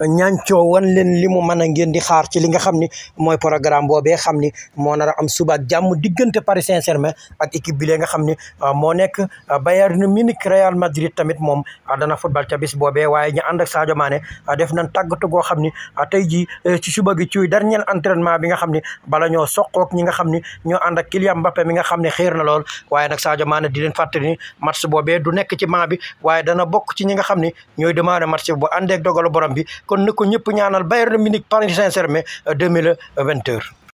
ñancoo wan leen li mu mën a ngeen di xaar ci li nga xam ni mooy programme boobee xam ni moo nar a am suba jàmm diggante Paris Saint-Germain ak équipe bi lee nga xam ni ah, moo nekk ah, Bayern Munich Real Madrid tamit moom ah, dana football ca bis boobee waaye ñu ànd ak Sadio Mané def nañ tàggatu goo xam ni tey jii eh, ci suba gi ci dernier entraînement bi nga xam ni bala ñoo soqoog ñi nga xam ni ñoo ànd ak Kylian Mbappé mi nga xam ne xiir na lool waaye nag Sadio Mané di leen fàttali ni boobee du nekk ci maa bi waaye dana bokk ci ñi nga xam ni ñooy demandé match bu àndeek dogalu borom bi kon ne ko ñëpp ñaanal Bayern Munich Paris Saint-Germain euh, deux mille vingt heures